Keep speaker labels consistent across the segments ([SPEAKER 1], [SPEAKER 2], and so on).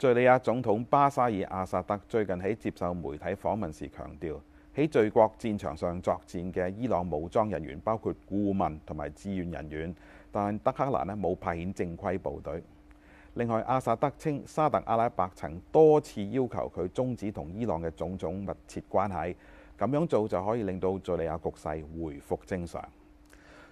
[SPEAKER 1] 敍利亞總統巴沙爾阿薩德最近喺接受媒體訪問時強調，喺敘國戰場上作戰嘅伊朗武裝人員包括顧問同埋志願人員，但德黑蘭咧冇派遣正規部隊。另外，阿薩德稱沙特阿拉伯曾多次要求佢終止同伊朗嘅種種密切關係，咁樣做就可以令到敘利亞局勢回復正常。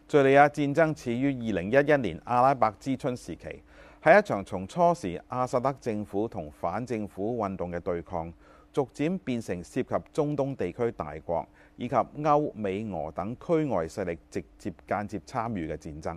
[SPEAKER 1] 敘利亞戰爭始於二零一一年阿拉伯之春時期。係一場從初時阿薩德政府同反政府運動嘅對抗，逐漸變成涉及中東地區大國以及歐美俄等區外勢力直接間接參與嘅戰爭。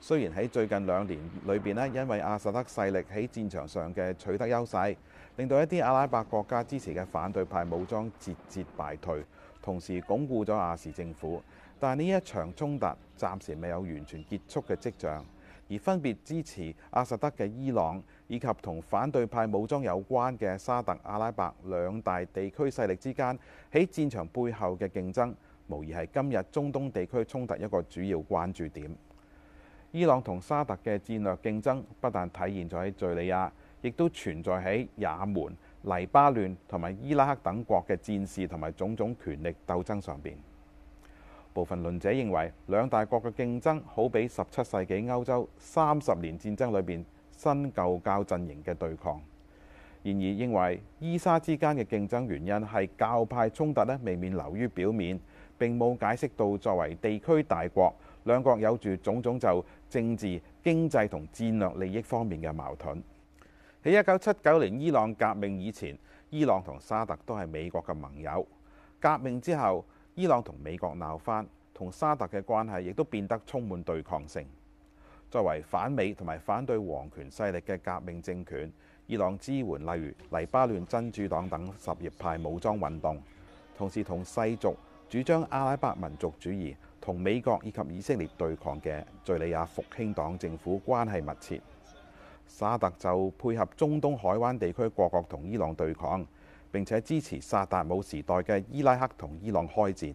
[SPEAKER 1] 雖然喺最近兩年裏邊呢，因為阿薩德勢力喺戰場上嘅取得優勢，令到一啲阿拉伯國家支持嘅反對派武裝節節敗退，同時鞏固咗阿薩德政府，但呢一場衝突暫時未有完全結束嘅跡象。而分別支持阿薩德嘅伊朗，以及同反對派武裝有關嘅沙特阿拉伯兩大地區勢力之間，喺戰場背後嘅競爭，無疑係今日中東地區衝突一個主要關注點。伊朗同沙特嘅戰略競爭，不但體現咗喺敘利亞，亦都存在喺也門、黎巴嫩同埋伊拉克等國嘅戰事同埋種種權力鬥爭上邊。部分論者認為兩大國嘅競爭好比十七世紀歐洲三十年戰爭裏邊新舊教陣營嘅對抗，然而認為伊沙之間嘅競爭原因係教派衝突咧，未免流於表面，並冇解釋到作為地區大國，兩國有住種種就政治、經濟同戰略利益方面嘅矛盾。喺一九七九年伊朗革命以前，伊朗同沙特都係美國嘅盟友。革命之後，伊朗同美國鬧翻，同沙特嘅關係亦都變得充滿對抗性。作為反美同埋反對皇權勢力嘅革命政權，伊朗支援例如黎巴嫩真主黨等什葉派武裝運動，同時同世俗、主張阿拉伯民族主義、同美國以及以色列對抗嘅敍利亞復興黨政府關係密切。沙特就配合中東海灣地區各國同伊朗對抗。並且支持薩達姆時代嘅伊拉克同伊朗開戰。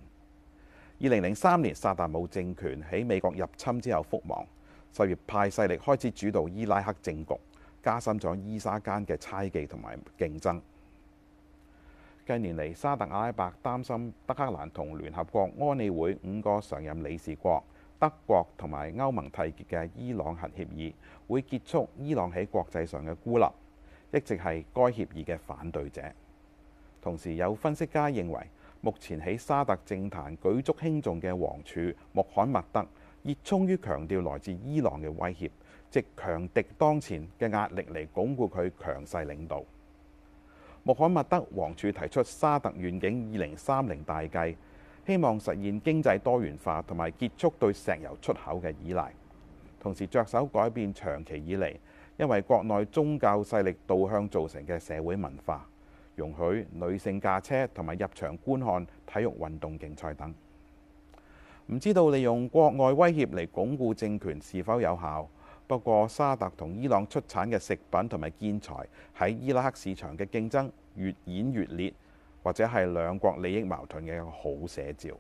[SPEAKER 1] 二零零三年，薩達姆政權喺美國入侵之後覆亡，什葉派勢力開始主導伊拉克政局，加深咗伊沙間嘅猜忌同埋競爭。近年嚟，沙特阿拉伯擔心德黑蘭同聯合國安理會五個常任理事國德國同埋歐盟締結嘅伊朗核協議會結束伊朗喺國際上嘅孤立，一直係該協議嘅反對者。同時有分析家認為，目前喺沙特政壇舉足輕重嘅王儲穆罕默德熱衷於強調來自伊朗嘅威脅，即強敵當前嘅壓力嚟鞏固佢強勢領導。穆罕默德王儲提出沙特遠景二零三零大計，希望實現經濟多元化同埋結束對石油出口嘅依賴，同時着手改變長期以嚟因為國內宗教勢力導向造成嘅社會文化。容許女性駕車同埋入場觀看體育運動競賽等，唔知道利用國外威脅嚟鞏固政權是否有效？不過沙特同伊朗出產嘅食品同埋建材喺伊拉克市場嘅競爭越演越烈，或者係兩國利益矛盾嘅好寫照。